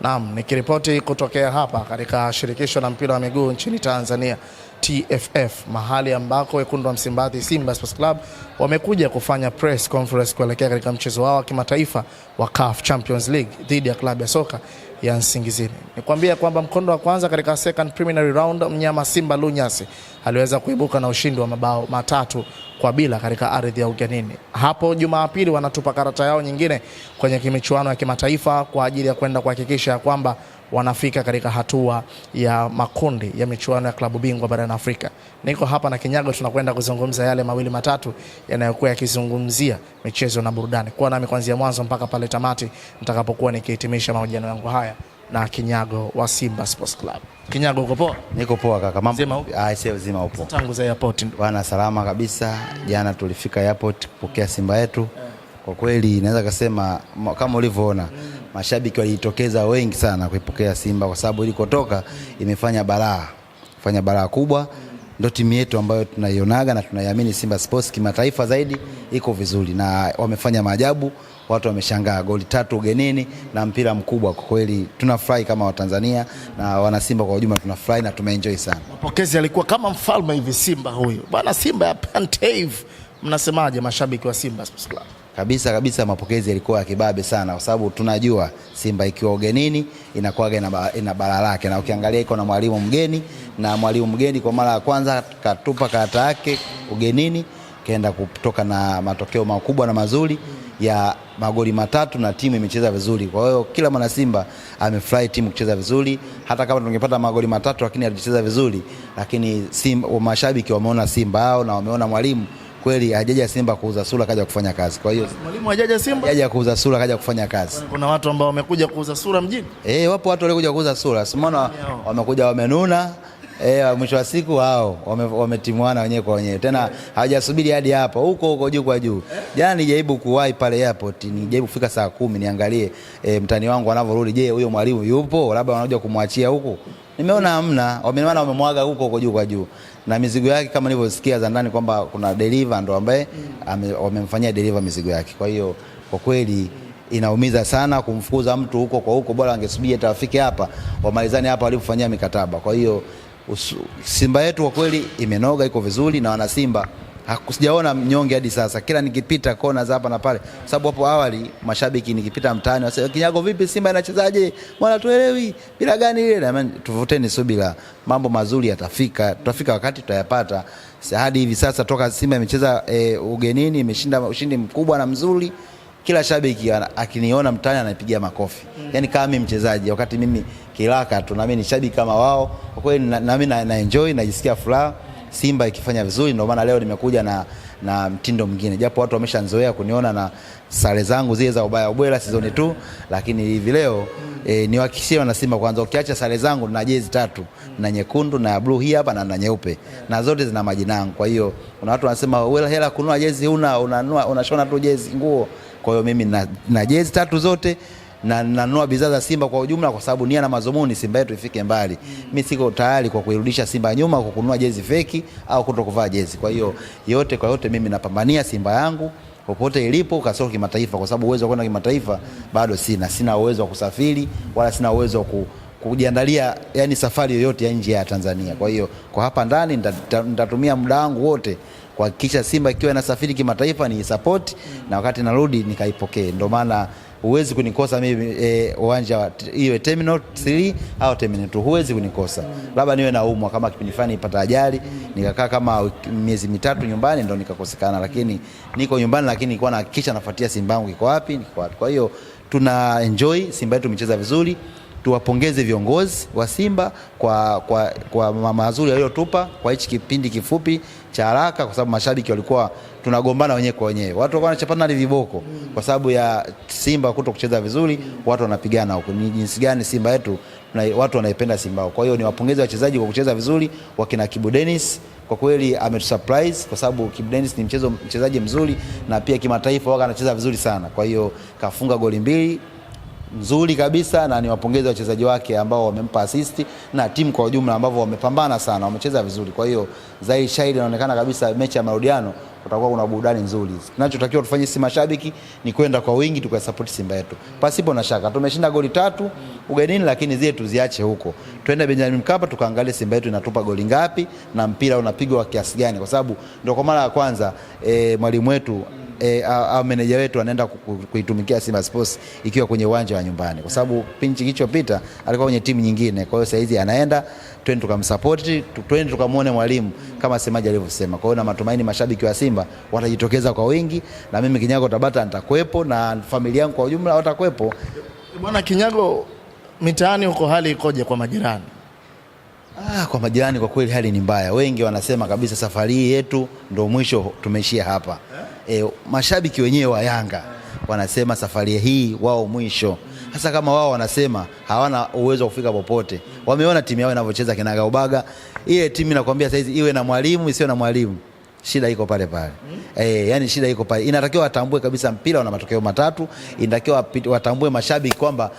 Naam, nikiripoti kutokea hapa katika shirikisho la mpira wa miguu nchini Tanzania TFF, mahali ambako wekundu wa Msimbazi Simba Sports Club wamekuja kufanya press conference kuelekea katika mchezo wao wa kimataifa wa CAF Champions League dhidi ya klabu ya soka ya Nsingizini. Nikwambia kwamba mkondo wa kwanza katika second preliminary round, mnyama Simba Lunyasi aliweza kuibuka na ushindi wa mabao matatu kwa bila katika ardhi ya ugenini. Hapo Jumapili wanatupa karata yao nyingine kwenye michuano ya kimataifa kwa ajili ya kwenda kuhakikisha ya kwamba wanafika katika hatua ya makundi ya michuano ya klabu bingwa barani Afrika. Niko hapa na Kinyago, tunakwenda kuzungumza yale mawili matatu yanayokuwa yakizungumzia michezo na burudani. Kuwa nami kuanzia mwanzo mpaka pale tamati nitakapokuwa nikihitimisha mahojiano yangu haya na Kinyago wa Simba Sports Club. Kinyago, uko poa? Niko poa kaka. Mambo zima upo? Ah, sio zima upo. Tangu za airport. Bwana salama kabisa. Jana tulifika airport kupokea Simba yetu. Kwa kweli naweza kusema kama ulivyoona mm mashabiki walijitokeza wengi sana kuipokea Simba kwa sababu ilikotoka imefanya balaa, fanya balaa kubwa. Ndio timu yetu ambayo tunaionaga na tunaiamini Simba Sports kimataifa zaidi iko vizuri, na wamefanya maajabu, watu wameshangaa, goli tatu ugenini na mpira mkubwa. Kwa kweli tunafurahi kama Watanzania na wanasimba kwa ujumla, tunafurahi na tumeenjoy sana. Mapokezi alikuwa kama mfalme hivi, Simba huyu bwana, Simba ya Pantave. Mnasemaje mashabiki wa Simba Sports Club? kabisa kabisa, mapokezi yalikuwa ya kibabe sana, kwa sababu tunajua Simba ikiwa ugenini inakuwaga ina bara lake, na ukiangalia iko na mwalimu mgeni, na mwalimu mgeni kwa mara ya kwanza katupa karata yake ugenini, kaenda kutoka na matokeo makubwa na mazuri ya magoli matatu na timu imecheza vizuri. Kwa hiyo kila mwana Simba amefurahi timu kucheza vizuri, hata kama tungepata magoli matatu lakini alicheza vizuri, lakini mashabiki wameona Simba hao na wameona mwalimu kweli ajaja Simba kuuza sura kaja kufanya kazi. Kwa hiyo mwalimu ajaja Simba, ajaja kuuza sura kaja kufanya kazi. Kuna watu ambao wamekuja kuuza sura mjini. Eh, wapo watu waliokuja kuuza sura, simona wamekuja wamenuna E, mwisho wa siku hao wametimwana wame wenyewe kwa wenyewe tena, hawajasubiri hadi hapo huko huko juu kwa juu. Jana nijaribu kuwahi pale airport, nijaribu kufika saa kumi niangalie e, mtani wangu anavyorudi. Je, huyo mwalimu yupo? Labda wanakuja kumwachia huko. Nimeona hamna, wamenwana wamemwaga huko huko juu kwa juu, na mizigo yake kama nilivyosikia za ndani kwamba kuna deliver ndo ambaye wamemfanyia deliver mizigo yake. Kwa hiyo kwa kweli inaumiza sana kumfukuza mtu huko kwa huko, bora wangesubiri hata wafike hapa wamalizane hapa walipofanyia mikataba. Kwa hiyo Simba yetu kwa kweli imenoga, iko vizuri na wana Simba hakusijaona mnyonge hadi sasa. Kila nikipita kona za hapa na pale, sababu hapo awali mashabiki nikipita mtaani wasema kinyago, vipi Simba inachezaje? Mwana tuelewi bila gani ile na tuvuteni subira, mambo mazuri yatafika, tutafika wakati tutayapata. Hadi hivi sasa toka Simba imecheza e, ugenini imeshinda ushindi mkubwa na mzuri, kila shabiki akiniona mtaani anapiga makofi. Mm. Yani kama mimi mchezaji, wakati mimi kiraka tu, nami ni shabiki kama wao kwa kweli, nami na, na enjoy najisikia furaha Simba ikifanya vizuri, ndio maana leo nimekuja na, na mtindo mwingine, japo watu wameshanzoea kuniona na sare zangu zile za ubaya ubwela season tu, lakini hivi leo e, niwahakikishie wana Simba kwanza, ukiacha sare zangu na jezi tatu na nyekundu na blue hii hapa na, na nyeupe na zote zina majina yangu. Kwa hiyo kuna watu wanasema wewe hela kununua jezi una unanua unashona tu jezi nguo. Kwa hiyo mimi na, na jezi tatu zote na nanunua bidhaa za Simba kwa ujumla, kwa sababu nia na madhumuni Simba yetu ifike mbali. Mimi mm. siko tayari kwa kuirudisha Simba nyuma kwa kununua jezi feki au kuvaa jezi. Kwa hiyo yote kwa yote, mimi napambania Simba yangu popote ilipo kasoro kimataifa, kwa sababu uwezo wa kwenda kimataifa bado sina. Sina uwezo wa kusafiri wala sina uwezo wa ku kujiandalia yani safari yoyote ya nje ya Tanzania. Kwa hiyo kwa hapa ndani nitatumia muda wangu wote kuhakikisha Simba ikiwa inasafiri kimataifa ni support, mm. na wakati narudi nikaipokee. Ndio maana huwezi kunikosa mimi e, uwanja iwe terminal 3 au terminal 2, huwezi kunikosa labda niwe na umwa kama kipindi fulani nipata ajali nikakaa kama miezi mitatu nyumbani ndo nikakosekana, lakini niko nyumbani, lakini nilikuwa nahakikisha nafuatia Simba yangu iko wapi, niko wapi. Kwa hiyo tuna enjoy Simba yetu imecheza vizuri tuwapongeze viongozi wa Simba kwa, kwa, kwa mazuri yaliyotupa kwa hichi kipindi kifupi cha haraka, kwa sababu mashabiki walikuwa tunagombana wenyewe kwa wenyewe, watu walikuwa wanachapana hadi viboko kwa sababu ya Simba kuto kucheza vizuri, watu wanapigana huko. Ni jinsi gani Simba yetu watu wanaipenda Simba wao. Kwa hiyo niwapongeze wachezaji kwa kucheza vizuri, wakina Kibu Dennis kwa kweli ametusurprise kwa sababu Kibu Dennis ni mchezo mchezaji mzuri na pia kimataifa waga anacheza vizuri sana, kwa hiyo kafunga goli mbili nzuri kabisa, na niwapongeze wachezaji wake ambao wamempa assist na timu kwa ujumla ambao wamepambana sana, wamecheza vizuri. Kwa hiyo zaidi shahidi inaonekana kabisa mechi ya marudiano kutakuwa kuna burudani nzuri. Kinachotakiwa tufanye si mashabiki ni kwenda kwa wingi tukasupport Simba yetu pasipo na shaka. Tumeshinda goli tatu ugenini, lakini zile tuziache huko, twende Benjamin Mkapa tukaangalie Simba yetu inatupa goli ngapi na mpira unapigwa kiasi gani, kwa sababu ndio kwa mara ya kwanza e, mwalimu wetu e, eh, au meneja wetu anaenda kuitumikia Simba Sports ikiwa kwenye uwanja wa nyumbani, kwa sababu pinchi kilichopita alikuwa kwenye timu nyingine. Kwa hiyo sasa hizi anaenda, twende tukamsapoti, twende tukamwone mwalimu kama Semaji alivyosema. Kwa hiyo na matumaini mashabiki wa Simba watajitokeza kwa wingi, na mimi Kinyago Tabata nitakuepo na familia yangu kwa ujumla watakuepo. Bwana Kinyago, mitaani huko hali ikoje kwa majirani? Ah, kwa majirani kwa kweli hali ni mbaya. Wengi wanasema kabisa safari yetu ndio mwisho, tumeishia hapa e, mashabiki wenyewe wa Yanga wanasema safari hii wao mwisho. Hasa kama wao wanasema hawana uwezo wa kufika popote, wameona timu yao inavyocheza kinagaubaga. Ile timu inakwambia saizi iwe na mwalimu isiwe na mwalimu shida iko pale pale. Mm. E, yani shida iko pale. Inatakiwa watambue kabisa mpira una matokeo matatu. Inatakiwa watambue mashabiki kwamba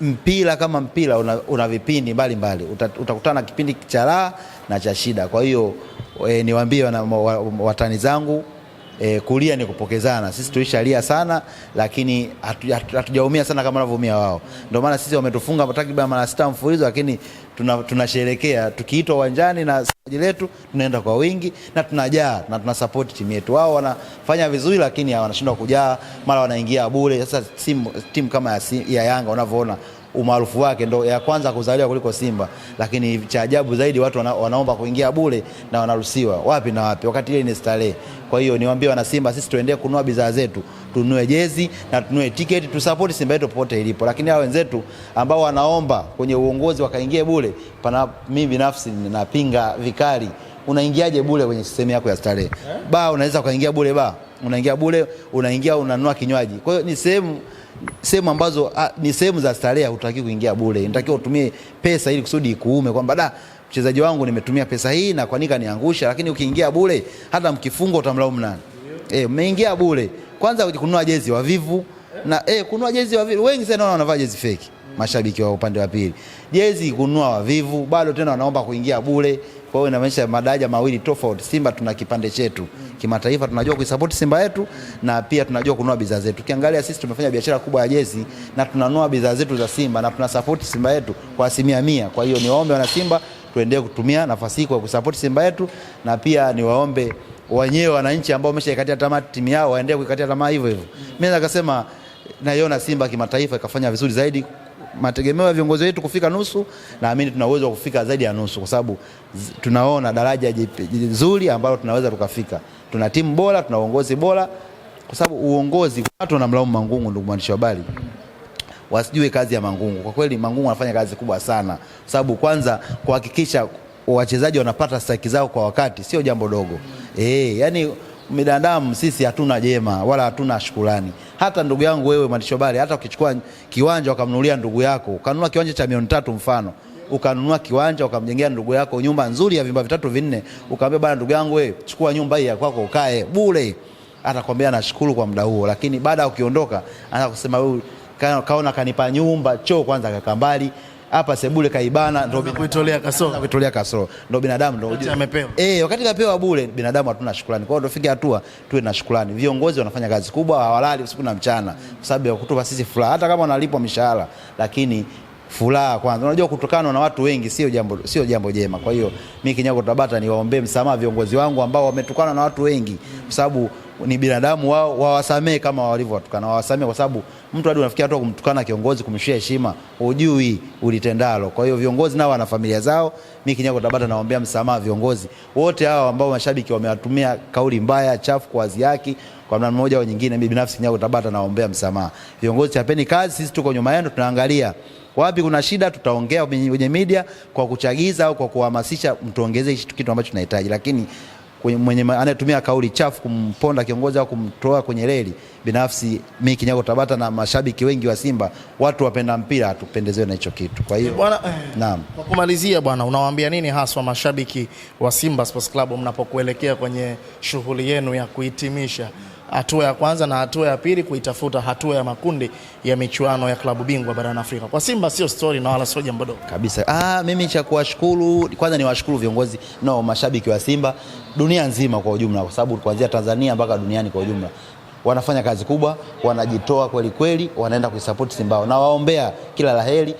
mpira kama mpira una, una vipindi mbalimbali utakutana na kipindi cha raha na cha shida. Kwa hiyo e, niwaambie watani zangu e, kulia ni kupokezana. Sisi tulishalia sana, lakini hatujaumia sana kama wanavyoumia wao. Ndio maana sisi wametufunga takriban mara sita mfululizo, lakini tunasherekea tuna tukiitwa uwanjani na saji letu tunaenda kwa wingi na tunajaa na tunasapoti timu yetu. Wao wanafanya vizuri, lakini wanashindwa kujaa, mara wanaingia bure. Sasa timu kama ya, ya Yanga unavyoona umaarufu wake ndo ya kwanza kuzaliwa kuliko Simba, lakini cha ajabu zaidi watu wana, wanaomba kuingia bure na wanaruhusiwa wapi na wapi, wakati ile ni starehe. Kwa hiyo niwaambie wana Simba, sisi tuendelee kununua bidhaa zetu, tununue jezi na tununue tiketi, tusapoti Simba yetu popote ilipo, lakini hao wenzetu ambao wanaomba kwenye uongozi wakaingie bure, pana mimi binafsi napinga vikali. Unaingiaje bure kwenye sehemu yako ya starehe? Eh? ba unaweza ukaingia bure ba unaingia bure, unaingia unanunua kinywaji. Kwa hiyo ni sehemu sehemu ambazo a, ah, ni sehemu za starehe, hutaki kuingia bure, unatakiwa utumie pesa ili kusudi ikuume kwamba da mchezaji wangu nimetumia pesa hii na kwanika niangusha. Lakini ukiingia bure, hata mkifunga utamlaumu nani? Eh, umeingia bure. Kwanza kununua jezi wavivu na eh, kununua jezi wavivu. Wengi sana wanavaa jezi feki, mashabiki wa upande wa pili, jezi kununua wavivu, bado tena wanaomba kuingia bure. Kwa hiyo inamaanisha madaraja mawili tofauti. Simba tuna kipande chetu kimataifa, tunajua kuisupport Simba yetu na pia tunajua kununua bidhaa zetu. Ukiangalia sisi tumefanya biashara kubwa ya jezi na tunanunua bidhaa zetu za Simba na tunasupport Simba yetu kwa asilimia mia. Kwa hiyo niwaombe wana Simba tuendelee kutumia nafasi hii kwa kusupport Simba yetu na pia niwaombe wenyewe wananchi ambao wameshaikatia tamaa timu yao waendelee kuikatia tamaa hivyo hivyo. Mimi nikasema naiona Simba kimataifa ikafanya vizuri zaidi mategemeo ya viongozi wetu kufika nusu, naamini tuna uwezo wa kufika zaidi ya nusu, kwa sababu tunaona daraja zuri ambalo tunaweza tukafika. Tuna timu bora, tuna uongozi bora, kwa sababu uongozi, watu wanamlaumu Mangungu, ndugu mwandishi wa habari wasijue kazi ya Mangungu. Kwa kweli Mangungu anafanya kazi kubwa sana, sababu kwanza kuhakikisha wachezaji wanapata saki zao kwa wakati sio jambo dogo. E, yani binadamu sisi hatuna jema wala hatuna shukurani hata ndugu yangu wewe mwandishi habari, hata ukichukua kiwanja ukamnunulia ndugu yako, ukanunua kiwanja cha milioni tatu mfano, ukanunua kiwanja ukamjengea ndugu yako nyumba nzuri ya vyumba vitatu vinne, ukamwambia bwana, ndugu yangu wewe, chukua nyumba hii ya kwako ukae bure, atakwambia nashukuru kwa muda huo, lakini baada ya ukiondoka, anakusema wewe kaona kanipa nyumba choo kwanza kaka mbali hapa sebule kaibana, kuitolea kasoro, kuitolea kasoro binadamu, amepewa eh, wakati kapewa bure. Binadamu hatuna shukrani. Kwa hiyo tufike hatua tuwe na shukrani. Viongozi wanafanya kazi kubwa, hawalali usiku na mchana, kwa sababu ya kutupa sisi furaha, hata kama wanalipwa mishahara, lakini furaha kwanza. Unajua, kutokana na watu wengi sio jambo, sio jambo jema. Kwa hiyo mimi kinyago Tabata niwaombee msamaha viongozi wangu ambao wametukana na watu wengi, kwa sababu ni binadamu wao, wawasamee kama walivyowatukana, wawasamee kwa sababu mtu hadi unafikia hata kumtukana kiongozi, kumshia heshima, hujui ulitendalo. Kwa hiyo viongozi nao wana familia zao. Mimi kinyago Tabata naombea msamaha viongozi wote hao ambao mashabiki wamewatumia kauli mbaya chafu kwa waziaki kwa namna moja au nyingine, mimi binafsi Nyago Tabata naombea msamaha. Viongozi, chapeni kazi, sisi tuko nyuma yenu, tunaangalia wapi kuna shida, tutaongea kwenye media kwa kuchagiza au kwa kuhamasisha, mtuongezee hicho kitu ambacho tunahitaji, lakini mwenye anayetumia kauli chafu kumponda kiongozi au kumtoa kwenye reli, binafsi mimi Kinyago Tabata na mashabiki wengi wa Simba, watu wapenda mpira, hatupendezewe na hicho kitu. Kwa hiyo bwana, naam, kwa kumalizia bwana, unawaambia nini haswa mashabiki wa Simba Sports Club mnapokuelekea kwenye shughuli yenu ya kuhitimisha hatua ya kwanza na hatua ya pili kuitafuta hatua ya makundi ya michuano ya klabu bingwa barani Afrika. Kwa Simba sio story na wala sio jambo dogo kabisa. Ah, mimi cha kuwashukuru kwanza ni washukuru viongozi no mashabiki wa Simba dunia nzima kwa ujumla, kwa sababu kuanzia Tanzania mpaka duniani kwa ujumla wanafanya kazi kubwa, wanajitoa kweli kweli, wanaenda kuisupport Simba na waombea kila laheri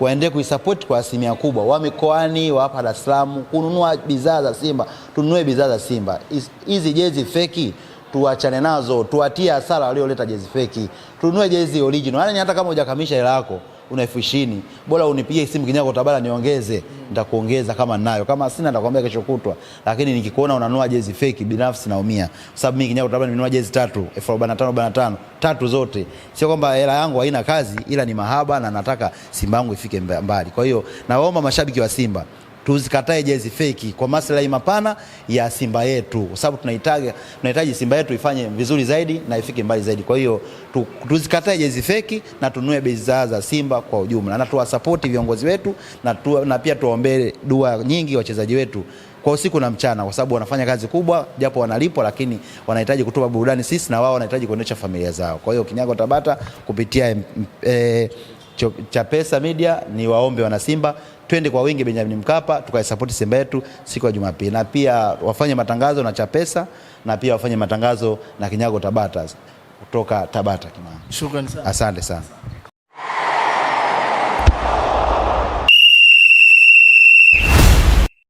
waendee kuisapoti kwa asilimia kubwa, wa mikoani wa hapa Dar es Salaam kununua bidhaa za Simba, tununue bidhaa za Simba. Hizi jezi feki tuachane nazo, tuatie hasara walioleta jezi feki, tununue jezi original. Yani hata kama hujakamisha hela yako una elfu ishirini bora unipigie simu Kinyago Tabala niongeze, nitakuongeza kama ninayo, kama sina nitakwambia kesho kutwa, lakini nikikuona unanua jezi feki, binafsi naumia, kwa sababu mimi Kinyago Tabala nimenua jezi tatu elfu arobaini na tano arobaini na tano tatu zote. Sio kwamba hela yangu haina kazi, ila ni mahaba na nataka Simba yangu ifike mbali. Kwa hiyo nawaomba mashabiki wa Simba tuzikatae jezi feki kwa maslahi mapana ya Simba yetu, kwa sababu tunahitaji tunahitaji Simba yetu ifanye vizuri zaidi na ifike mbali zaidi. Kwa hiyo tu, tuzikatae jezi feki na tunue bidhaa za Simba kwa ujumla, na tuwasapoti viongozi wetu na, tu, na pia tuwaombee dua nyingi wachezaji wetu kwa usiku na mchana, kwa sababu wanafanya kazi kubwa, japo wanalipwa, lakini wanahitaji kutupa burudani sisi na wao wanahitaji kuendesha familia zao. Kwa hiyo Kinyago Tabata kupitia eh, Chapesa Media ni waombe wanasimba twende kwa wingi Benjamin Mkapa tukaisapoti Simba yetu siku ya Jumapili, na pia wafanye matangazo na Chapesa na pia wafanye matangazo na Kinyago Tabata kutoka Tabata Kimani. Shukrani sana. Asante sana.